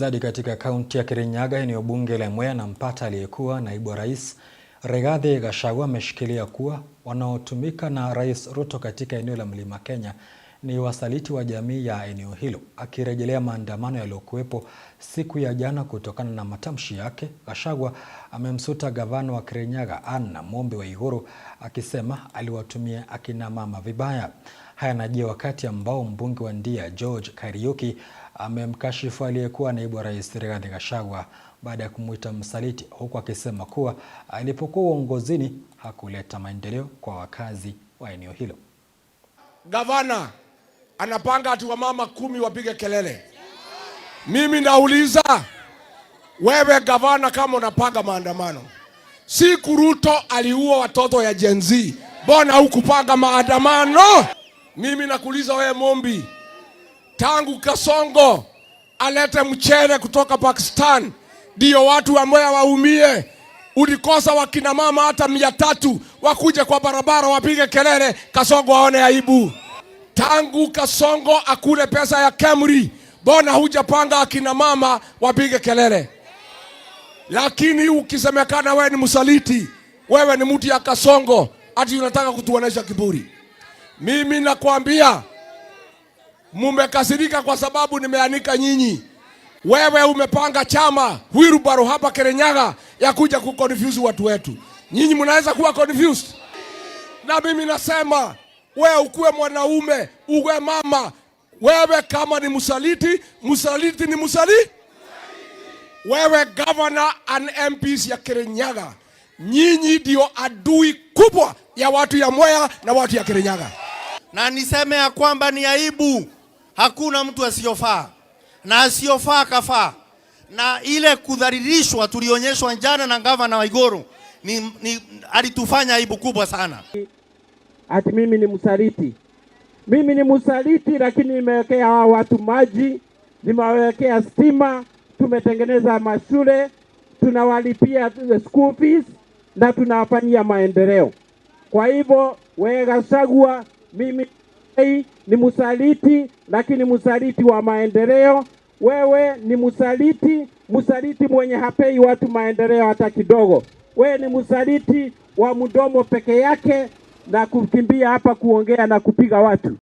Zadi katika kaunti ya Kirinyaga, eneo bunge la Mwea na Mpata, aliyekuwa naibu wa rais Rigathi Gachagua ameshikilia kuwa wanaotumika na Rais Ruto katika eneo la Mlima Kenya ni wasaliti wa jamii ya eneo hilo. Akirejelea maandamano yaliyokuwepo siku ya jana kutokana na matamshi yake, Gachagua amemsuta gavana wa Kirinyaga Anna Mombe Waiguru akisema aliwatumia akina mama vibaya. Haya yanajia wakati ambao mbunge wa Ndia George Kariuki amemkashifu aliyekuwa naibu rais Rigathi Gachagua baada ya kumwita msaliti, huku akisema kuwa alipokuwa uongozini hakuleta maendeleo kwa wakazi wa eneo hilo. Gavana anapanga ati wamama kumi wapige kelele. Mimi nauliza wewe gavana, kama unapanga maandamano, si kuruto aliua watoto ya Gen Z, mbona hukupanga maandamano? Mimi nakuuliza wewe Mombi, tangu Kasongo alete mchere kutoka Pakistan, ndiyo watu ambao waumie. Ulikosa wakina mama hata mia tatu wakuje kwa barabara wapige kelele, Kasongo aone aibu. Tangu Kasongo akule pesa ya Kemri, mbona hujapanga akina mama wapige kelele? Lakini ukisemekana wewe ni msaliti, wewe ni mtu ya Kasongo, ati unataka kutuonesha kiburi. Mimi nakwambia mumekasirika kwa sababu nimeanika nyinyi. Wewe umepanga chama Wilbaro hapa Kirinyaga ya kuja kuconfuse watu wetu. Nyinyi mnaweza kuwa confused, na mimi nasema wewe ukuwe mwanaume, uwe mama. Wewe kama ni msaliti, msaliti ni msali. Wewe governor and MPs ya Kirinyaga, nyinyi ndio adui kubwa ya watu ya Mwea na watu ya Kirinyaga, na niseme ya kwamba ni aibu Hakuna mtu asiyofaa na asiyofaa kafaa. Na ile kudhalilishwa tulionyeshwa jana na gavana Waigoro ni, ni alitufanya aibu kubwa sana. Ati mimi ni msaliti, mimi ni msaliti, lakini nimewekea hawa watu maji, nimewekea stima, tumetengeneza mashule, tunawalipia school fees na tunawafanyia maendeleo. Kwa hivyo wewe Gachagua, mimi Bei ni msaliti, lakini msaliti wa maendeleo. Wewe ni msaliti, msaliti mwenye hapei watu maendeleo hata kidogo. Wewe ni msaliti wa mdomo peke yake na kukimbia hapa kuongea na kupiga watu.